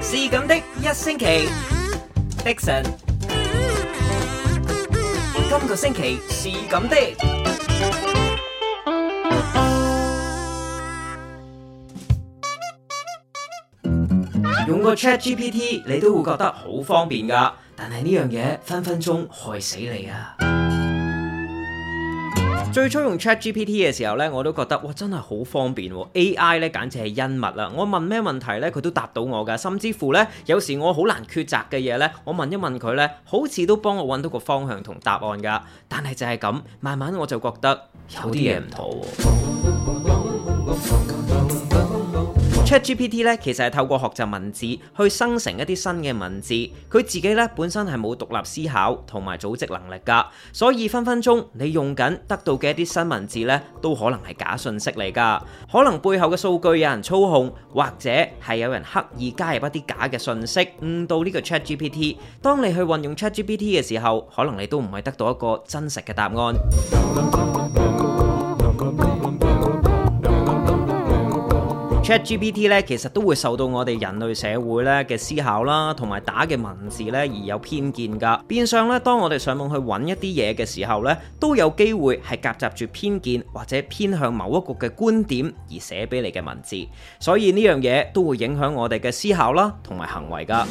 是咁的，一星期，Dixon。Dixon，今個星期是咁的，用個 Chat GPT，你都會覺得好方便㗎。但係呢樣嘢分分鐘害死你啊！最初用 ChatGPT 嘅時候呢，我都覺得哇真係好方便喎，AI 呢簡直係恩物啦。我問咩問題呢，佢都答到我噶，甚至乎呢，有時我好難抉擇嘅嘢呢，我問一問佢呢，好似都幫我搵到個方向同答案噶。但係就係咁，慢慢我就覺得有啲嘢唔妥。Chat GPT 咧，其實係透過學習文字去生成一啲新嘅文字，佢自己咧，本身係冇獨立思考同埋組織能力噶，所以分分鐘你用緊得到嘅一啲新文字咧，都可能係假信息嚟噶，可能背後嘅數據有人操控，或者係有人刻意加入一啲假嘅信息誤導呢個 Chat GPT。當你去運用 Chat GPT 嘅時候，可能你都唔係得到一個真實嘅答案。 Chat GPT 咧，其實都會受到我哋人類社會咧嘅思考啦，同埋打嘅文字咧而有偏見噶。變相咧，當我哋上網去揾一啲嘢嘅時候咧，都有機會係夾雜住偏見或者偏向某一個嘅觀點而寫俾你嘅文字。所以呢樣嘢都會影響我哋嘅思考啦，同埋行為噶。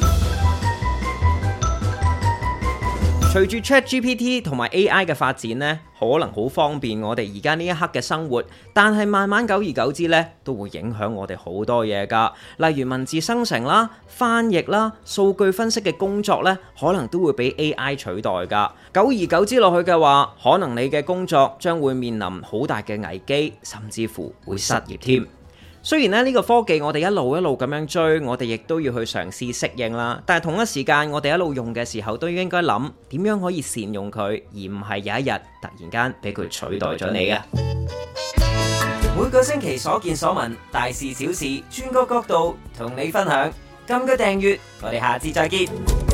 隨住 Chat GPT 同埋 AI 嘅發展呢，可能好方便我哋而家呢一刻嘅生活，但係慢慢久而久之呢都會影響我哋好多嘢噶，例如文字生成啦、翻譯啦、數據分析嘅工作呢，可能都會俾 AI 取代噶。久而久之落去嘅話，可能你嘅工作將會面臨好大嘅危機，甚至乎會失業添。雖然咧呢個科技我哋一路一路咁樣追，我哋亦都要去嘗試適應啦。但係同一時間，我哋一路用嘅時候都應該諗點樣可以善用佢，而唔係有一日突然間俾佢取代咗你嘅。每個星期所見所聞，大事小事，轉個角，角度同你分享。撳個訂閱，我哋下次再見。